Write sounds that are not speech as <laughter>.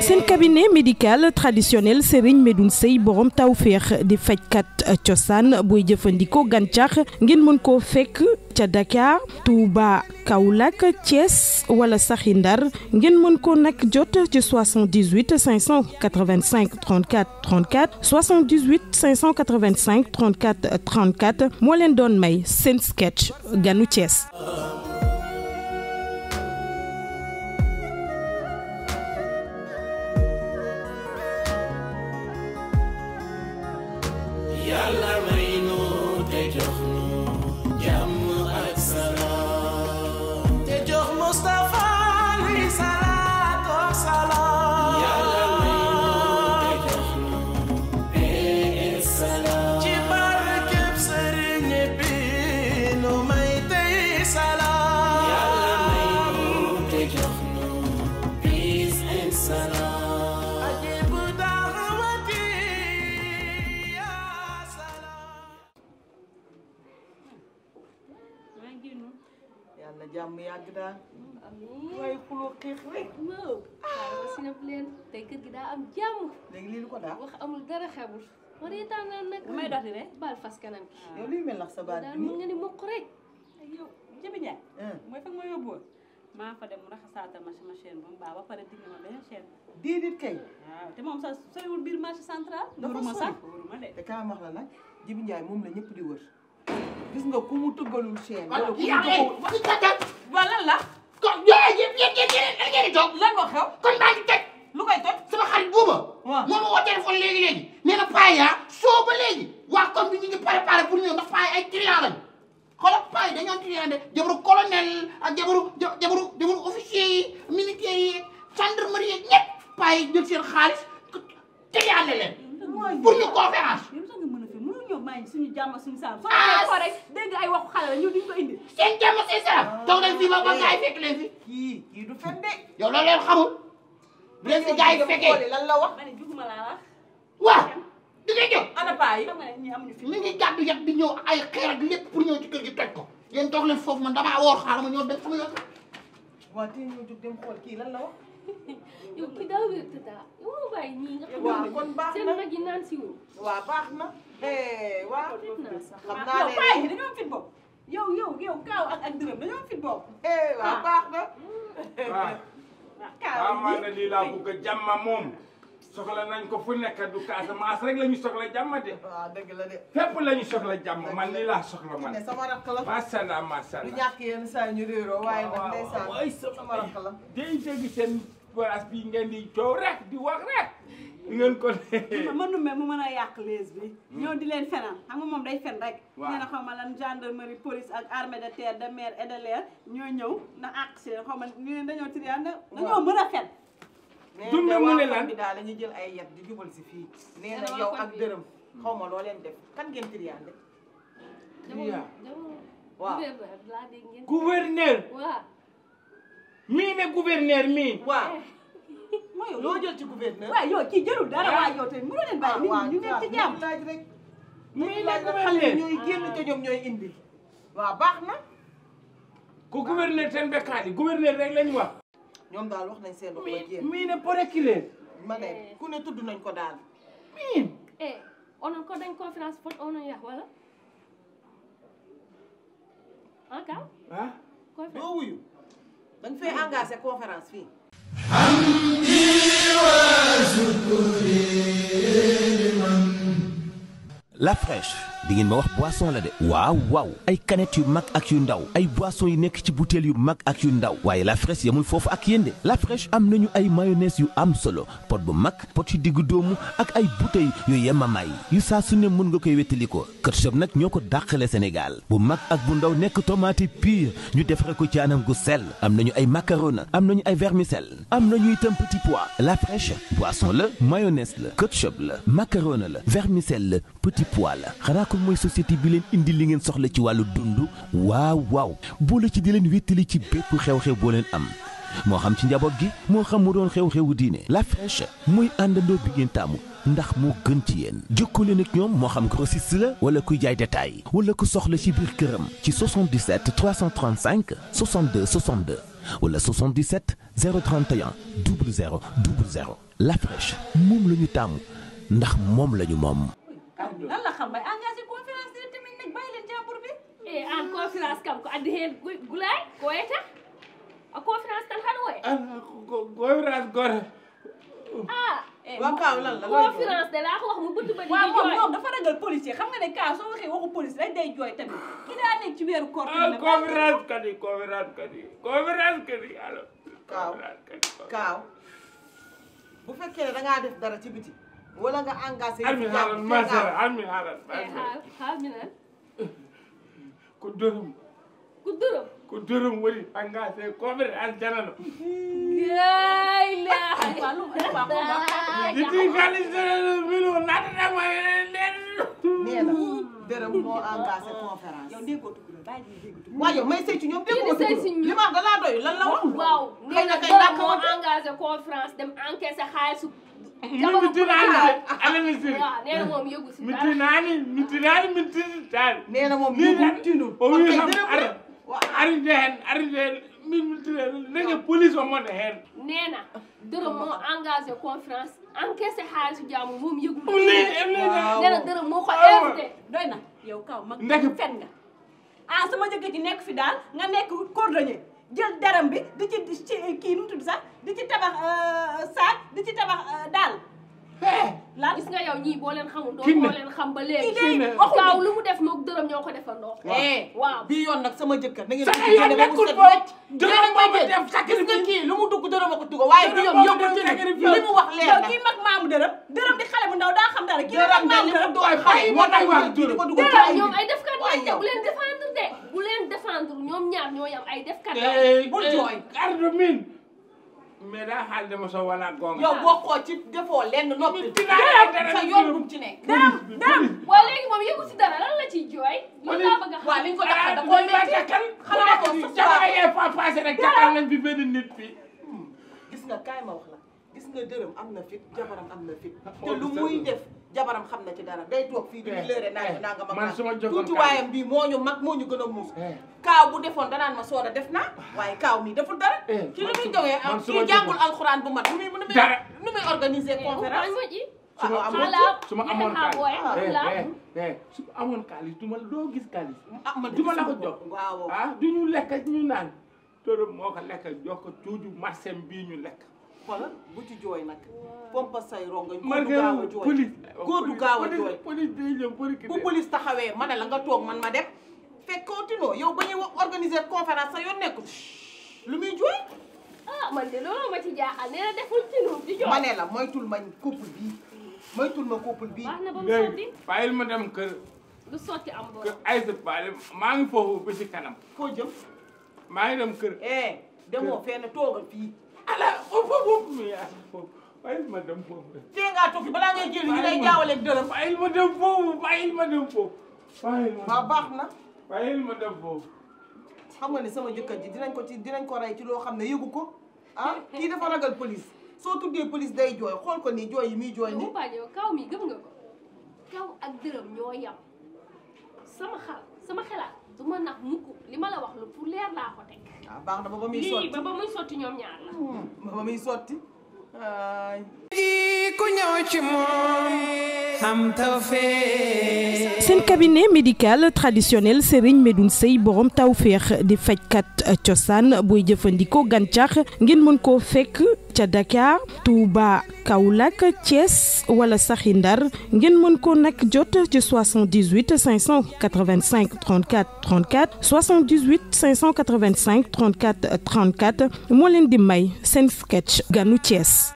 seen cabinet médical traditionnel Serigne Medoun Sey borom tawféex di fajkat cosaan booy jëfandikoo gàncax ngeen mën ko fekk ca Dakar Touba kaulak Thiès wala Sakhindar Ndar ngeen mën ko nak jot ci 78 585 34 34 78 585 34 34 mo len don may sen sketch Ganou Thiès. diinu yàlla jàmm yàgg daal mm, amiin waaye xuloo rek am jam. lu amul dara may fas kanam ki ah. yow mel sa ni rek yow eh. ma yóbbu woon fa dem raxasaatal ma sama chaîne ba mu baax ba pare ma beneen chaîne déedéet kay waaw te moom sax soriwul biir marché central te wax la la di wër gis nga ku mu tëggalul chaîne. wala ku mu tëggalul wala la. kon yéen yéen yéen yéen yéen toog. lan moo xew. kon maa ngi toj. lu koy toj. sama xarit buuba. waaw moo ma woo téléphone léegi léegi. nee na paay yaa soo ba léegi. waa comme bi ñu ngi préparé pour ñëw ndax paay ay client lañu. xoolal paay dañoo am client de jabaru colonel ak jabaru jabaru jabaru officier yi militaire yi gendarmerie yi ñëpp. paay jël seen xaalis client leen. pour ñu conférence. maa ngi suñu jàmm suñu salaam. soo demee foo rek dégg ay waxu xale la ñu duñ ko indi. seen ah. toog leen fii ba ba eh. gars yi fekk leen fi. kii du fen de. yow loolu leen xamul. bu leen si gars yi fekkee lan la wax. ma ne juguma laa wax. waaw di nga jóg. yi xam nga ne ñii amuñu fi. mi ngi gàddu yat bi ñëw ay xeer ak lépp pour ñëw ci gi toj ko. yéen toog leen foofu man damaa woor xaaral ma ñoo dem sama yoon. waaw tey ñoo jóg kii lan la wax <laughs> yow ki daaw wér te daa yow bàyyi ñii nga xam ne kon baax na seen mag yi naan si wuñ waaw baax na eh, waaw xam naa yow bàyyi dañoo fit bopp yow yow yow kaaw ak ak dërëm dañoo fit bopp eh, waaw baax na waaw ah. ah. <laughs> kaaw ah, maa ne lii laa bëgg a jàmm moom soxla nañ ko fu nekk du Casamance rek soxla de. la de. soxla man soxla man. sama rakk la macha allah macha allah. du ñàkk yenn saa ñu réeroo waaye nag ndeysaan. waaye sama rakk la. day dégg seen bi ngeen di coow rek di wax rek. Ya, hmm. di ngeen ko dee. me mu mën a yàq bi. ñoo di leen fenal xam nga moom day fen rek. waaw nee lan gendarmerie police ak armée de terre de mer et de l'air ñoo na seen dañoo fen dundee mu ne lan daal la ñu jël ay yat di jubal si fii nee na yow ak dërëm xaw ma loo leen def kan ngeen triande trian waaw gouverneur mii ne gouverneur mii waaw <laughs> mooy loo jël ci gouverneur waaw yow kii jëlul dara waaw yow tamit mënu leen bàyyi ah, ñu nekk ci jàmm laaj rek mii ne gouverneur ñooy ah. ñoom ñooy indi waaw baax na ko gouverneur seen bekkaat yi gouverneur rek lañu wax ñoom dal wax nañ seen bopp ba génn. mii ne pare ki leen. ma eh. ku ne tudd nañ ko dal miin. eh onon ko dañ conférence pot onon yax wala. ah Ka. ah. conférence doo wuyu. dañ fee ah. engagé conférence fii. hamdi wa La Fraîche di ma wax boisson la de waaw waaw ay canettes yu mag ak yu ndaw ay boisson yu nekk ci bouteille yu mag ak yu ndaw waaye la fraîche yamul foofu ak yende la fraîche am nañu ay mayonnaise yu am solo pot bu mag pot yu diggu doomu ak ay bouteilles yu yemamaay yu saa su ne mën nga koy wétali ketchup nag ñoo ko dàqale Sénégal bu mag ak bu ndaw nekk tomate pire ñu defare ko ci anam gu sel am nañu ay macarona am nañu ay vermicelle am nañu itam petit pois la fraîche boisson la mayonnaise la ketchup la macarona la vermicelle la petit pois la ko mooy société bi len indi li ngeen soxla ci walu dundu waaw waaw bo boole ci di len wéttali ci bépp xew-xew bo len am mo xam ci njaboot gi mo xam mu doon xew-xewu diine la fraîche muy àndandoo bi ngeen tamu ndax mo gën ci yeen jokkoo leen ak ñoom moo xam grossiste la wala kuy jaay détail wala ku soxla ci biir kërëm ci 77 335 62 62 wala 77 031 00 00 la fraîche moom la ñu tàmm ndax moom la xam bay ah, kam ko addi heen gulay goyata a conférence tan han woye ah, conférence goto ah e, waaw lan la conférence de laa ko wax mu bëtt ba di jooy moom dafa ragal policier xam nga ne cas soo waxee waxu police rek day jooy tamit ki daa nekk ci weeru koor ah, conférence kat yi conférence kat yi conférence kat yi allo kaaw kaaw bu fekkee ne dangaa def dara ci biti wala nga engagé ami xaaral masala ami xaaral masala xaaral mi nan ko dóorum kudurum kudurum woni hanga se koɓere an janano jiti kalis janano mino nattanama nden dërëm moo engagé conférence. yow déggoo tukulóor bàyyi di dégg tukulóor. waaw yow may sëy ci ñoom déggoo tukulóor li ma da laa doy lan la wax. waaw nee na dërëm moo engagé conférence dem encaissé xaalisu. jamono bu nee na moom yëgu si dara. miti naani miti naani miti taal. nee na moom yëgu tinu. ok dërëm arrêté hen arrêté min nege police omonde hen nena dërëm moo engagé conférence encaissé xaalisu jaamu moom yëgul nena dërëm moo ko invité doy na yow kaw mag fen nga ah sama jëkkër ji nekk fi daal nga nekk cordonnier jël dërëm bi di ci kii nu tudd sax di ci tabax euh, saak di ci tabax euh, daal la gis nga yow ñii boo leen xamul. doo boo leen xam ba léegi. kii de kaaw lu mu def moom dërëm ñoo ko defandoo. Eh, waaw bii yoon nag sama jëkkër. da ngeen di gis ne nekkul foofu dërëm moo ko def gis nga kii lu mu dugg dërëm a ko dugg waaye bii yoon yóbbu ci li mu wax leer na kii mag maamu dërëm. dërëm di xale bu ndaw daa xam dara kii mag maamu dërëm waay waay moo tax waay kii di ko dugg dërëm ñoom ay defkat lañ de bu leen défendre de bu leen défendre ñoom ñaar ñoo yam ay defkat lañ eh, bul eh, jooy mais daa xaal dama soo wala gonga. yow bokkoo ci defoo lenn noppi. sa yoon bu ci nekk. daam daam. waaw léegi moom yëngu si dara lan la ciy jooy. lan laa bëgg a xam waaw li ñu ko taxal da koo métti. xanaa ko sa jamono passé rek jaxal gis nga kaay ma wax gis nga dërëm am na fit jabaram am na fit te lu muy def. jabaram xam na ci dara day toog fii di leere naa nanga mag moo ñu mag moo ñu gën a muus eh. kaaw bu defoon danaan ma sooda def naa ah. waaye kaaw mi deful dara eh, ci lu muy jógee ah, kii jàngul alxuraan bu mat nu muy nu muy organiser eh, conférence ah, su ma amoon su ma amoon kaalis su amoon kaalis du ma doo gis kaalis du ma la ko jox ah du ñu lekk ñu naan toro moo ko lekk jox ko tuuju marché bii ñu lekk xoolal bu ci jooy nag pompa say rongañ góor du gaaw a jooy góor du gaaw a jooy bu police taxawee ma ne la nga toog man ma dem fekk continuo yow ba ñuy wax organiser conférence sa yoon nekkul lu muy jooy ah man de loolu ma ci jaaxal nee na deful ci nu di jooy ma ne la moytul ma couple bii moytul ma couple bii baax na ba mu sotti bàyyil ma dem kër du sotti am boobu kër Aïssa Bale maa ngi foofu ba ci kanam foo jëm maa ngi dem kër eh demoo fenn toogal fii ala foofu foofu foofu bàyyil ma dem foofu tee ngaa tukki balaa ngay jël ñu lay jaawale dërëm bàyyil ma dem foofu bàyyil ma dem foofu waa baax na bàyyil ma dem foofu xam nga ne sama jëkkër ji dinañ ko ci dinañ ko rey ci loo xam ne yëgu ko ah kii dafa ragal police soo tuddee police day jooy xool ko nii jooy yi muy jooy nii bañoo kaw mi gëm nga ko kaw ak dërëm ñoo yam sama xal sama xelaat du ma nax mukk li la wax lu fu leer la ko tek waaw ah, baax na ba ba muy sotti ba ba muy sotti ñom ñaar la. Hmm, ba ba muy sotti. ku ñëw ci moom. seen cabinet médical traditionnel Serigne Medoun Sey borom tawféex di fajj kat ciossane booy jëfandikoo gantiax ngeen mën ko fekk ca Dakar Touba Kaolack Thiès wala saxi Ndar ngeen mën ko nag jot ci 78 585 34 34 78 585 34 34 moo leen di may seen sketch ganu Thiès.